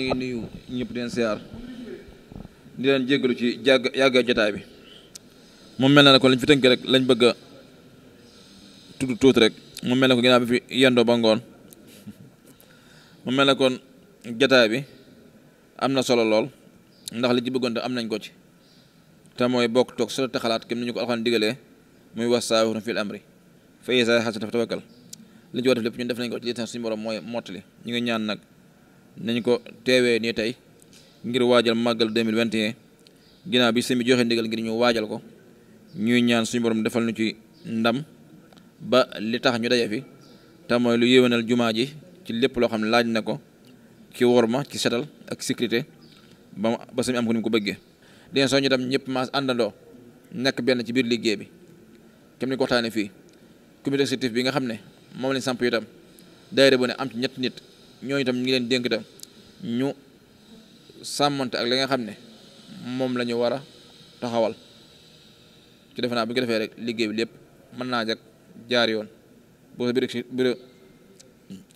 ñu ngi nuyu ñëpp di leen siyaar di leen jéggalu ci jàgg yàgga jotaay bi moom mel na ne kon lañ fi tënk rek lañ bëgg a tudd tuut rek mu mel ne ko ginnaaw bi fi yendoo ba ngoon mu mel ne kon bi am na solo lool ndax li ci bëggoon te am nañ ko ci te mooy bokk toog solo te xalaat kem ni ñu ko alxaan digalee muy was saawirun fil amri fa izaa xasata fa li ñu ci war def lépp ñun def nañ ko ci li tax suñu borom mooy ñu ngi ñaan nag nañ ko teewee nii tey ngir waajal màggal 2021 ginnaaw bi ginaaw bi joxe ndigal ngir ñu waajal ko ñuy ñaan suñu boroom defal ñu ci ndam ba li tax ñu daje fi te mooy lu yéwénal jumaa ji ci lépp loo xam ne laaj na ko ci worma ci setal ak sécurité ba ba sëñ am ko ni mu ko bëggee. dinañ soo ñu tam ñëpp maas àndandoo nekk benn ci biir liggéey bi comme ni ko waxtaanee fii comité exécutif bi nga xam ne moom lañ samp itam daayira bu ne am ci ñetti nit. ñooñu tam ñu ngi leen dénk tam ñu sàmmante ak li nga xam ne moom lañu ñu war a taxawal ci defe naa bu ko defee rek liggéey bi lépp mën naa jeg jaar yoon boo sa bureau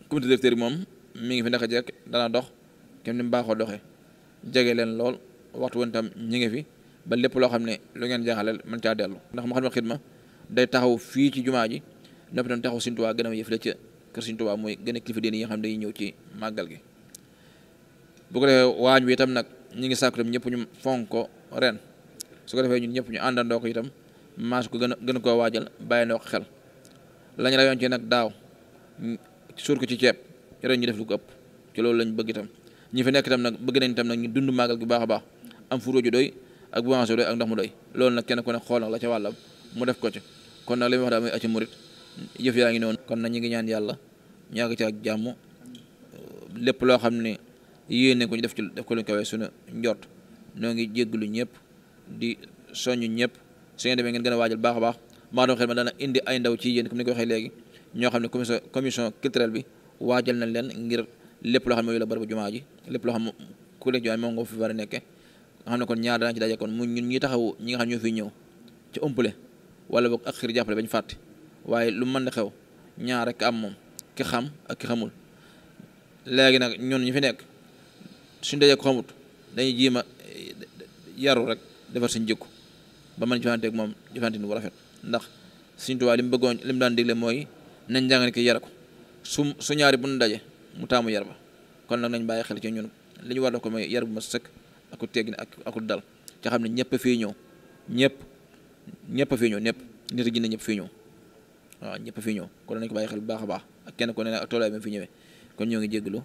comité directeur bi moom mi ngi fi naka jekk dana dox kenn ni mu baaxoo doxee jege leen lool waxtu woon tam ñi ngi fi ba lépp loo xam ne lu ngeen jaaxaleel mën caa dellu ndax ma xam ne xidma day taxaw fii ci jumaa ji nopp tam taxaw sintuwaa gën a yëf la ca kër Sëriñ Tuubaa mooy gën a kilifa diine yi nga xam ne dañuy ñëw ci màggal gi bu ko defee waañ wi itam nag ñu ngi sàkku itam ñëpp ñu fonk su ko defee ñun ñëpp ñu àndandoo ko itam maas ko gën a gën koo waajal bàyyi na ko xel lañ la yoon ci nag daaw suur ko ci ceeb ren ñu def lu ëpp ci loolu lañ bëgg itam ñi fi nekk itam nag bëgg nañ itam nag ñu dund màggal gi baax baax am furo ju doy ak boisson doy ak ndox mu doy loolu nag kenn ku ne xool nag la ca wàllam mu def ko ci kon nag li wax daal mooy yëf yaa ngi noonu kon na ñu ngi ñaan yàlla ñu ngi ci ak jàmm lépp loo xam ne yéene ko ñu def ci def ko lu kawee suñu njort noo ngi jégglu ñëpp di soññ ñëpp su ngeen demee ngeen gën a waajal baax baax maa doon xel ma dana indi ay ndaw ci yéen ko ni ko waxee léegi ñoo xam ne commission commission culturelle bi waajal nañ leen ngir lépp loo xam ne mooy la bërëbu jumaa ji lépp loo xam ku nekk jumaa ji moom nga fi war a nekke nga xam ne kon ñaar daan ci daje kon mu ñun ñi taxaw ñi xam ñoo fi ñëw ci ëmpale wala boog ak xir jàppale bañ fàtte waaye lu mën di xew ñaar rek am moom ki xam ak ki xamul léegi nag ñun ñu fi nekk suñ dajee ko xamut dañuy jiima eh, yaru rek defar suñ jikko ba man jëfante moom jëfante ni bu rafet ndax suñ tubaab li mu bëggoon li mu daan digle mooy nañ jàngal ki yar ko su su ñaari bu mu daje mu taamu yar ba kon nag nañ bàyyi xel ci ñun li ñu war def ko mooy yar bu ma sëkk ak ku teggin ak ak dal ca xam ne ñëpp fii ñëw ñëpp ñëpp fii ñëw ñëpp nit ñi ne ñëpp fii ñëw waaw ñëpp fi ñëw kon nañ a bàyyi xel bu baax a baax ak kenn ku ne ak toolaay bi mu fi ñëwee kon ñoo ngi jégalu